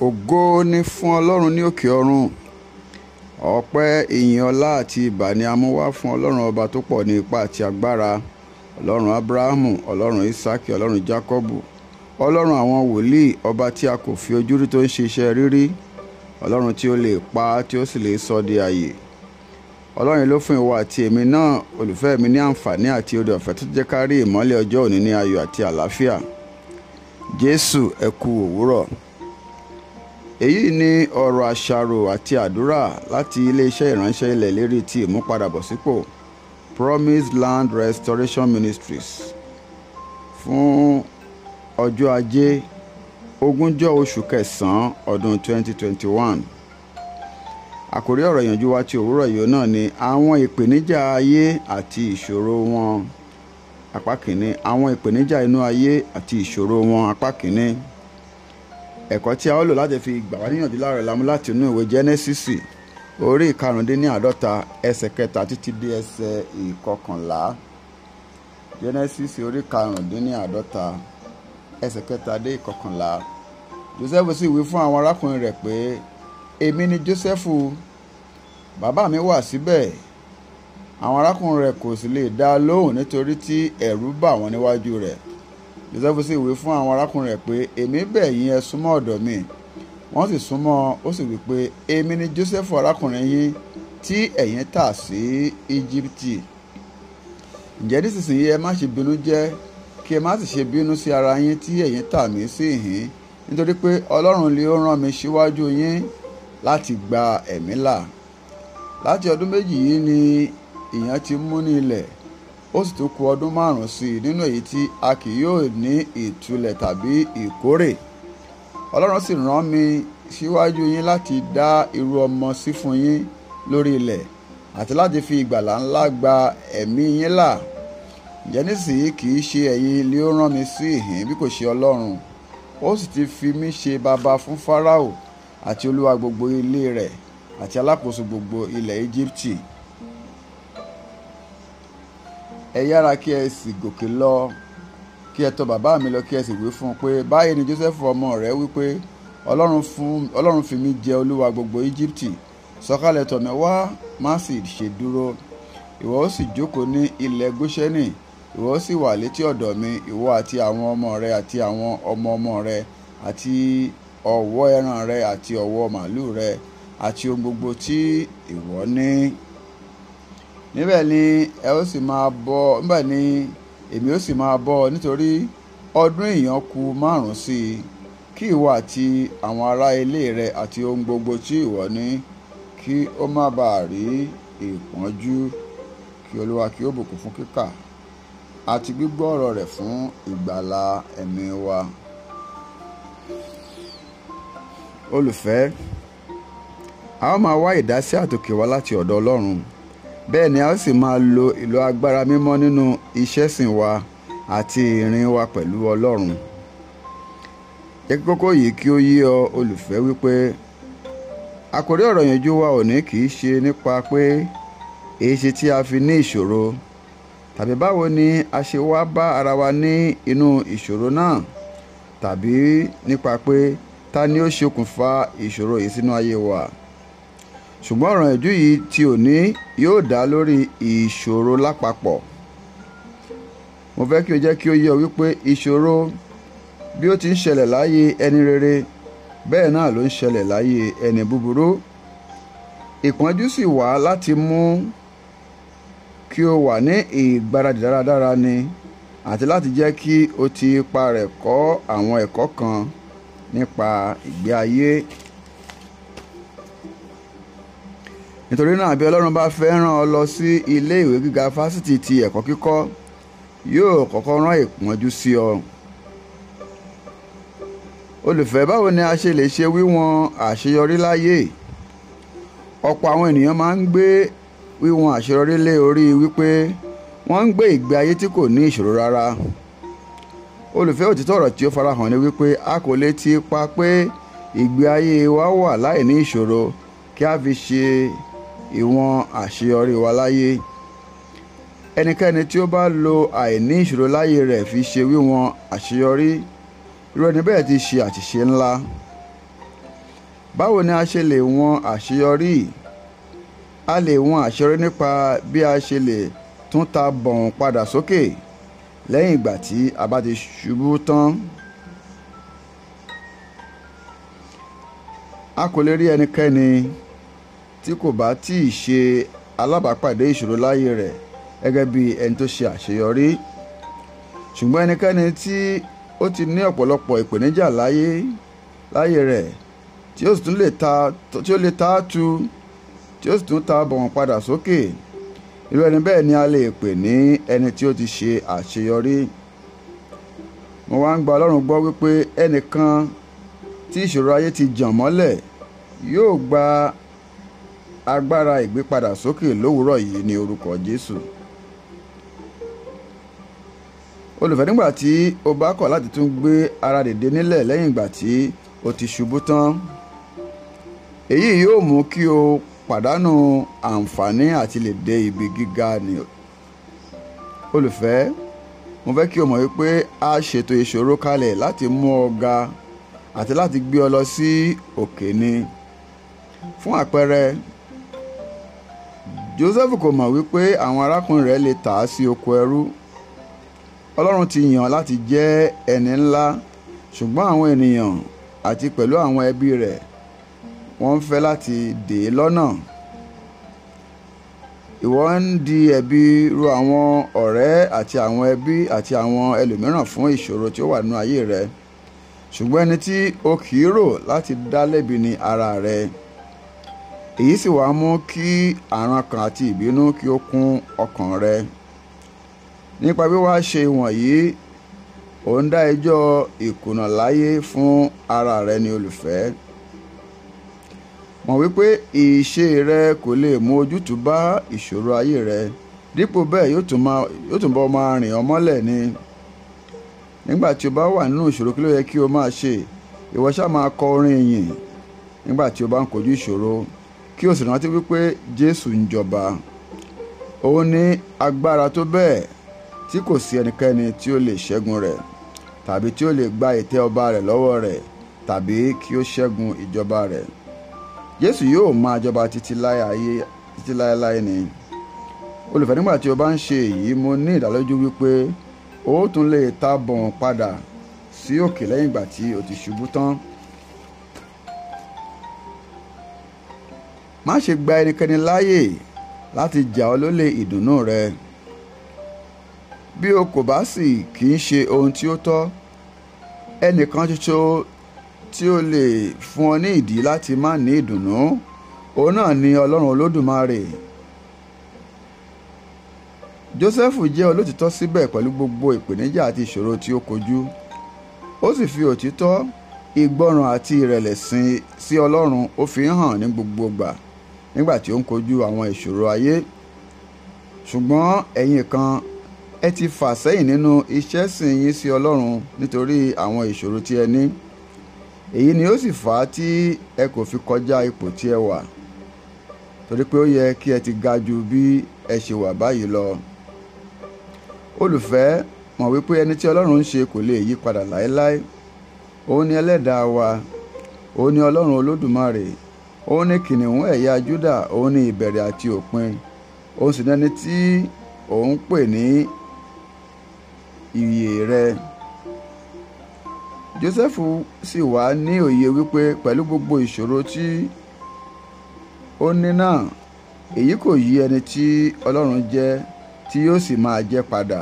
ògo ni fún ọlọ́run ní òkè ọ̀run ọpẹ́ ìyìn ọlá àti ìbà ni a mú wá fún ọlọ́run ọba tó pọ̀ ní ipá àti agbára ọlọ́run abrahamu ọlọ́run isaki ọlọ́run jacobu ọlọ́run àwọn wòlíì ọba tí a kò fi ojú rí tó ń ṣe rírí ọlọ́run tí ó lè pa tí ó sì lè sọ di àyè ọlọ́run ló fún ìwọ àti èmi náà olùfẹ́ mi ní àǹfààní àti oore ọ̀fẹ́ tó jẹ́ ká rí ìmọ́lẹ̀ ọjọ́ òní ní ayọ̀ àti àlàáfíà jésù ẹ òwúrọ̀ èyí ni ọ̀rọ̀ àṣàrò àti àdúrà láti iléeṣẹ́ ìránṣẹ́ ilẹ̀ lérí ti ìmúpadàbọ̀sípò Promise Land Restoration Ministries fún ọjọ́ ajé ogúnjọ́ oṣù kẹsàn ọdún 2021 àkórí ọ̀rọ̀ ìyànjú wa ti òwúrọ̀ yìí náà ni àwọn ìpèníjà ayé àti ìṣòro wọn apá kìíní àwọn ìpèníjà inú ayé àti ìṣòro wọn apá kìíní ẹ̀kọ́ tí a ó lò láti fi gbà wá níyànjú láàrọ̀ lámú láti inú ìwé jẹ́nẹ́sísì orí ìkarùndínláàdọ́ta ẹsẹ̀ kẹta títí dé ẹsẹ̀ ìkọkànlá jẹ́nẹ́sísì orí ìkarùndínláàdọ́ta ẹsẹ̀ kẹta dé ìkọkànlá joseph sì wí fún àwọn arákùnrin rẹ̀ pé èmi ni joseph bàbá mi wà síbẹ̀ àwọn arákùnrin rẹ̀ kò sì lè dá lóhùn nítorí tí ẹ̀rù bà wọ́n níwájú rẹ̀ Joseph sì wí fún àwọn arákùnrin rẹ̀ pé èmi bẹ̀ yín ẹ súnmọ́ ọ̀dọ̀ mi wọ́n sì súnmọ́ ó sì wí pé èmi ni Joseph arákùnrin yín tí ẹ̀yin tà sí Íjíbítì ǹjẹ́ nísinsìnyí ẹ má ṣe bínú jẹ́ kí ẹ má sì ṣe bínú sí ara yín tí ẹ̀yin tà mí sí ìhín nítorí pé Ọlọ́run lè ó rán mi síwájú yín láti gba ẹ̀mí là láti ọdún méjì yìí ni ìyàn ti mú ní ilẹ̀ ó sì tún kù ọdún márùn-ún sí i nínú èyí tí a kì yóò ní ìtúlẹ̀ tàbí ìkórè ọlọ́run sì rán mi síwájú yín láti dá irú ọmọ sí fún yín lórí ilẹ̀ àti láti fi ìgbàlà ńlá gba ẹ̀mí yín là ǹjẹ́ nísìnyí kì í ṣe ẹ̀yin ni ó rán mi sí ìhín bí kò ṣe ọlọ́run ó sì ti fi mí ṣe baba fún fáráò àti olúwa gbogbo ilé rẹ̀ àti alákòóso gbogbo ilẹ̀ íjíbítì ẹ yára kí ẹ sì gòkè lọ kí ẹ tọ̀ bàbá mi lọ kí ẹ sì wí fún un pé báyìí ni Jósẹ́fù ọmọ rẹ̀ wípé ọlọ́run fi mí jẹ olúwa gbogbo Íjíbítì sọ̀kalẹ̀ tọ̀ mí wá má sì ṣe dúró ìwọ ó sì jókòó ní ilẹ̀ Góṣẹ́nì ìwọ ó sì wà létí ọ̀dọ̀ mi ìwọ àti àwọn ọmọ rẹ àti àwọn ọmọ ọmọ rẹ àti ọ̀wọ́ ẹran rẹ àti ọ̀wọ́ màálù rẹ àti ohun gbogbo tí ìwọ ní níbẹ̀ ni ẹ ó sì máa bọ níbẹ̀ ni èmi ó sì máa bọ nítorí ọdún ìyàn kù márùn sí i kí ìwọ àti àwọn ará ilé rẹ àti ohun gbogbo tí ìwọ ní kí ó má bàa rí ìpọ́njú kí olúwa kí ó bùkún fún kíkà àti gbígbọ́ ọ̀rọ̀ rẹ̀ fún ìgbàlà ẹ̀mí wa. olùfẹ́ a ó máa wá ìdásí àtòkè wá láti ọ̀dọ̀ ọlọ́run bẹ́ẹ̀ ni a ó sì máa lo ìlò agbára mímọ́ nínú ìṣẹ́sìn wa àti ìrìn wa pẹ̀lú Ọlọ́run jẹ́ kí yìí kí ó yé ọ olùfẹ́ wípé àkórí ọ̀rọ̀ yànjú wa òní kì í ṣe nípa pé èéṣe tí a fi ní ìṣòro tàbí báwo ni a ṣe wá bá ara wa ní inú ìṣòro náà tàbí nípa pé ta ni ó ṣokùnfà ìṣòro yìí sínú ayé wa ṣùgbọ́n ìrànjú yìí tí ò ní yóò dá lórí ìṣòro lápapọ̀ mo fẹ́ kí o jẹ́ kí o yé ọ wípé ìṣòro bí ó ti ń ṣẹlẹ̀ láyé ẹni rere bẹ́ẹ̀ náà ló ń ṣẹlẹ̀ láyé ẹni búburú ìpọ́njú sì wá láti mú kí o wà ní ìgbáradì dáradára ni àti láti jẹ́ kí o ti ipa rẹ̀ kọ́ àwọn ẹ̀kọ́ kan nípa ìgbé ayé. nítorí náà bí ọlọ́run bá fẹ́ rán ọ lọ sí ilé ìwé gíga fásitì ti ẹ̀kọ́ kíkọ́ yóò kọ́kọ́ rán ìpọ́njú sí ọ. olùfẹ́ báwo ni a ṣe lè ṣe wíwọ̀n àṣeyọrí láyé ọ̀pọ̀ àwọn ènìyàn máa ń gbé wíwọ̀n àṣeyọrí lé orí wípé wọ́n ń gbé ìgbé ayé tí kò ní ìṣòro rárá olùfẹ́ òtítọ́ ọ̀rọ̀ tí ó farahàn ni wípé a kò lè ti pa pé ìgbé ayé wa wà láì ní ìṣòro kí a fi ṣe ìwọ̀n àṣeyọrí wa láyé ẹnikẹ́ni tí ó bá lo àìní ìṣòro láyé rẹ̀ fi ṣe wíwọ̀n àṣeyọrí irú ẹni bẹ́ẹ̀ ti ṣe àṣìṣe ńlá báwo ni a ṣe lè wọ̀n àṣeyọrí a lè wọ̀n àṣeyọrí nípa bí a ṣe lè tún ta bọ̀hùn padà sókè lẹ́yìn ìgbà tí a bá ti ṣubú tán a kò lè rí ẹnikẹ́ni tí kò bá tí ì ṣe alábàápàdé ìṣòro láyé rẹ̀ gẹ́gẹ́ bí ẹni tó ṣe àṣeyọrí ṣùgbọ́n ẹnikẹ́ni tí ó ti ní ọ̀pọ̀lọpọ̀ ìpèníjà láyé láyé rẹ̀ tí ó sì tún lè ta tí ó lè ta tu tí ó sì tún ta bọ̀wọ̀n padà sókè irú ẹni bẹ́ẹ̀ ni a lè pè ní ẹni tí ó ti ṣe àṣeyọrí mo wá ń gba ọlọ́run gbọ́ wípé ẹnìkan tí ìṣòro ayé ti jàn mọ́lẹ̀ yóò gba agbára ìgbépadà sókè lówùúrọ̀ yìí ní orúkọ Jésù olùfẹ́ nígbà tí o bá kọ̀ láti tún gbé ara dìde nílẹ̀ lẹ́yìn ìgbà tí o ti ṣubú tán èyí yóò mú kí o pàdánù àǹfààní àti lè dé ibi gíga ni olùfẹ́ mo fẹ́ kí o mọ̀ wípé a ṣètò ìṣòro kalẹ̀ láti mú ọ ga àti láti gbé ọ lọ sí òkè ni fún àpẹẹrẹ Joseph kò mọ̀ wípé àwọn arákùnrin rẹ̀ lè tà á sí oko ẹrú Ọlọ́run ti yàn láti jẹ́ ẹni ńlá ṣùgbọ́n àwọn ènìyàn àti pẹ̀lú àwọn ẹbí rẹ̀ wọ́n ń fẹ́ láti dè é lọ́nà ìwọ ń di ẹ̀bi ru àwọn ọ̀rẹ́ àti àwọn ẹbí àti àwọn ẹlòmíràn fún ìṣòro tí ó wà nínú ayé rẹ ṣùgbọ́n ẹni tí o kì í rò láti dá lẹ́bi ni ara rẹ èyí sì wá mú kí àrùn ọkàn àti ìbínú kí ó kún ọkàn rẹ nípa wíwá ṣe wọ̀nyí ò ń dá ẹjọ́ ìkùnà láyé fún ara rẹ ní olùfẹ́ mọ̀ wípé ìṣe rẹ kò lè mú ojútùú bá ìṣòro ayé rẹ dípò bẹ́ẹ̀ yóò tún bọ́ máa rìn ọ́ mọ́lẹ̀ ni nígbà tí o bá wà nínú ìṣòro kí ló yẹ kí o máa ṣe ìwọ ṣáà máa kọ orin ìyìn nígbà tí o bá ń kojú ìṣòro kí o sì rántí wípé Jésù ń jọba òun ní agbára tó bẹ́ẹ̀ tí kò sí ẹnikẹ́ni tí ó lè ṣẹ́gun rẹ̀ tàbí tí ó lè gba ìtẹ́ ọba rẹ̀ lọ́wọ́ rẹ̀ tàbí kí ó ṣẹ́gun ìjọba rẹ̀ Jésù yóò máa jọba títí láéláé ni olùfẹ́ nígbà tí o bá ń ṣe èyí mo ní ìdálójú wípé o tún lè ta bọ̀n padà sí òkè lẹ́yìn ìgbà tí o ti ṣubú tán má ṣe gba ẹnikẹ́ni láàyè láti jà ọ́ lólè ìdùnnú rẹ bí o kò bá sì kì í ṣe ohun tí ó tọ́ ẹnìkan ṣoṣo tí ó lè fún ọ ní ìdí láti má ní ìdùnnú òun náà ni ọlọ́run olódùmarè Jósẹ́fù jẹ́ olótìtọ́ síbẹ̀ pẹ̀lú gbogbo ìpèníjà àti ìṣòro tí ó kojú ó sì fi òtítọ́ ìgbọràn àti ìrẹ̀lẹ̀ sí ọlọ́run ó fi hàn ní gbogbo gbà nígbà tí ó ń kojú àwọn ìṣòro ayé ṣùgbọ́n ẹ̀yin kan ẹ ti fà sẹ́yìn nínú iṣẹ́ sìn yín sí ọlọ́run nítorí àwọn ìṣòro tí ẹ ní èyí ni ó sì fà á tí ẹ kò fi kọjá ipò tí ẹ wà torí pé ó yẹ kí ẹ ti ga ju bí ẹ ṣe wà báyìí lọ olùfẹ́ mọ̀ wípé ẹni tí ọlọ́run ń ṣe kò lè yí padà láéláé òun ni ẹlẹ́dàá wa òun ni ọlọ́run olódùmarè òun ni kìnìún ẹ̀yà Júdà òun ni ìbẹ̀rẹ̀ àti òpin òun sì lẹni tí òun pè ní ìyè rẹ Jósẹ́fù sì wá ní òye wípé pẹ̀lú gbogbo ìṣòro tí ó ní náà èyí kò yí ẹni tí Ọlọ́run jẹ́ tí yóò sì máa jẹ́ padà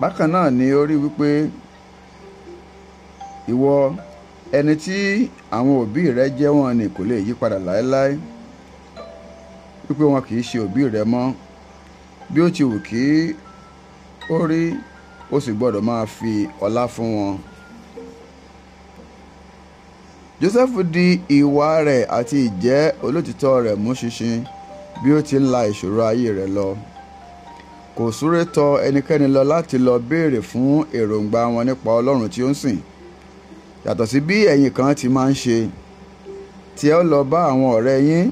bákan náà ni ó rí wípé ìwọ ẹni tí àwọn òbí rẹ jẹ́ wọn ni kò lè yí padà láéláé wípé wọn kì í ṣe òbí rẹ mọ́ bí ó ti wù kí ó rí ó sì gbọ́dọ̀ máa fi ọlá fún wọn. Joseph di ìwà rẹ̀ àti ìjẹ́ olótìtọ́ rẹ̀ mú ṣinṣin bí ó ti ń la ìṣòro ayé rẹ̀ lọ kò súré tọ ẹnikẹ́ni lọ láti lọ béèrè fún èròǹgbà wọn nípa Ọlọ́run tí ó ń sìn yàtọ̀ sí bí ẹ̀yin kan ti máa ń ṣe tí ẹ lọ bá àwọn ọ̀rẹ́ yín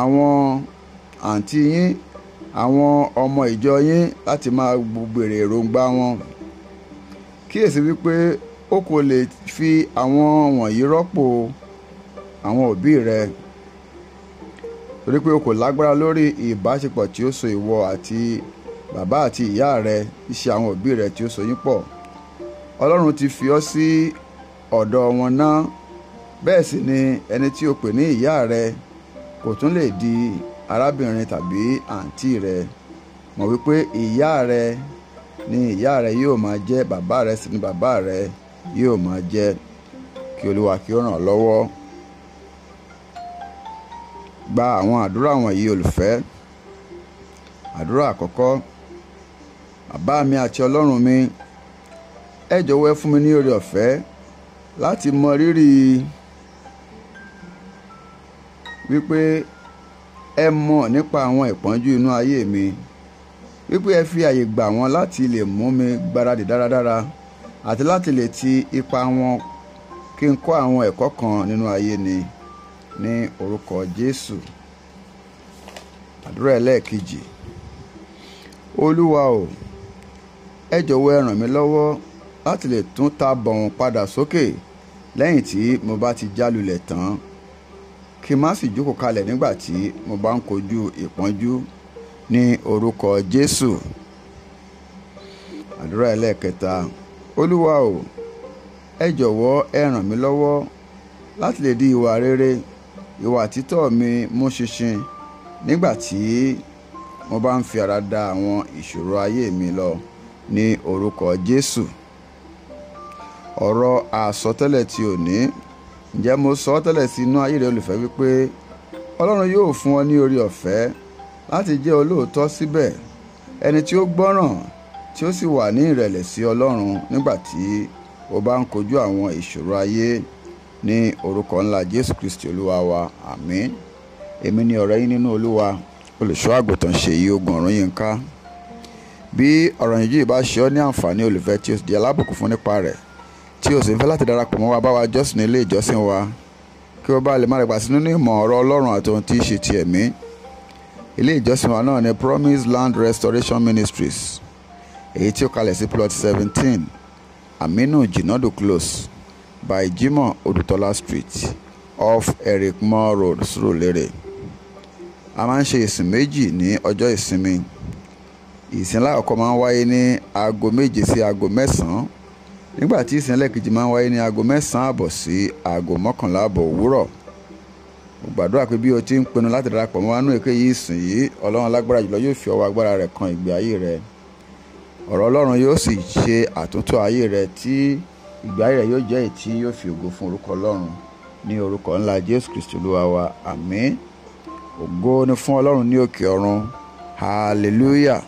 àwọn àǹtí yín àwọn ọmọ ìjọ yín láti máa gbèrè èròǹgbà wọn kíyèsí wípé o kò lè fi àwọn wọ̀nyí rọ́pò àwọn òbí rẹ torí pé o kò lágbára lórí ìbáṣepọ̀ tí ó so ìwọ àti bàbá àti ìyá rẹ iṣẹ́ àwọn òbí rẹ tí ó so yín pọ̀ ọlọ́run ti fi ọ́ sí ọ̀dọ̀ wọn ná bẹ́ẹ̀ sì ni ẹni tí o pè ní ìyá rẹ kò tún lè di arábìnrin tàbí àǹtí rẹ mọ̀ wípé ìyá rẹ ni ìyá rẹ yóò máa jẹ́ bàbá rẹ sì ni bàbá rẹ yóò máa jẹ́ kí olúwa kí ó ràn ọ́ lọ́wọ́ gba àwọn àdúrà wọ̀nyí olùfẹ́ àdúrà àkọ́kọ́ bàbá mi àti ọlọ́run mi ẹ jọ̀wọ́ ẹ fún mi ní oore ọ̀fẹ́ láti mọ rírì wípé ẹ mọ̀ nípa àwọn ìpọ́njú inú ayé mi wípé ẹ fi àyè gbà wọ́n láti lè mú mi gbáradì dáradára àti láti lè ti ipa wọn kí n kọ́ àwọn ẹ̀kọ́ kan nínú ayé ni ní orúkọ Jésù àdúrà ẹlẹ́ẹ̀kejì olúwa o ẹ jọ̀wọ́ ẹ ràn mí lọ́wọ́ láti lè tún ta padà sókè. Okay lẹ́yìn tí mo bá ti jálulẹ̀ tán kí n má sì jókòó kalẹ̀ nígbà tí mo bá ń kojú ìpọ́njú ní orúkọ Jésù àdúrà ẹlẹ́ẹ̀kẹta olúwa o ẹ jọ̀wọ́ ẹ ràn mí lọ́wọ́ láti lè di ìwà rere ìwà títọ́ mi mú ṣinṣin nígbà tí mo bá ń fi ara da àwọn ìṣòro ayé mi lọ ní orúkọ Jésù ọ̀rọ̀ àsọtẹ́lẹ̀ ti òní ǹjẹ́ mo sọ ọ́ tẹ́lẹ̀ sí inú ayé rẹ olùfẹ́ wípé ọlọ́run yóò fún ọ ní orí ọ̀fẹ́ láti jẹ́ olóòótọ́ síbẹ̀ ẹni tí ó gbọ́ràn tí ó sì wà ní ìrẹ̀lẹ̀ sí ọlọ́run nígbà tí o bá ń kojú àwọn ìṣòro ayé ní orúkọ ńlá jésù kristi olúwa wa àmín èmi ni ọ̀rẹ́ yín nínú olúwa olùṣọ́ àgùntàn ṣèyí ogun ọ̀run yín ká bí ọ̀rọ̀ yìí bá ṣe ọ́ ní àǹfààní olùfẹ́ tí o di alábùkún fún nípa rẹ̀ tí o sì ń fẹ́ láti darapọ̀ mọ́ wa bá wa jọ́sìn ní ilé ìjọsìn wa kí o bá lè má rẹ̀ pàṣẹ nínú ìmọ̀ ọ̀rọ̀ ọlọ́run àti ohun tí í ṣe ti ẹ̀mí ilé ìjọsìn wa náà ni Promise Land Restoration Ministries èyí tí ó kalẹ̀ sí plot seventeen Aminu Jinadu Close by Jimoh Odutola Street off Eric Moore Road Surulere a máa ń ṣe ìsìn méjì ní ọjọ́ ìsinmi ìsìn láàkọ́ máa ń wáyé ní aago méje sí aago mẹ́sàn-án nígbà tí ìsìn ẹlẹ́kejì máa ń wáyé ní aago mẹ́sàn-án àbọ̀ sí aago mọ́kànlá àbọ̀ òwúrọ̀ mo gbàdúrà pé bí o ti ń pinnu láti darapọ̀ mọ́ wánú èké yìí sìn yìí ọlọ́run lágbára jùlọ yóò fi ọwọ́ agbára rẹ̀ kan ìgbé ayé rẹ ọ̀rọ̀ ọlọ́run yóò sì ṣe àtúntò ayé rẹ tí ìgbé ayé rẹ yóò jẹ́ èyí tí yóò fi ògo fún orúkọ ọlọ́run ní orúkọ ńlá jésù kristu olúwa wa àmín ògo ni fún ọlọ́run ní òkè ọ̀run hallelujah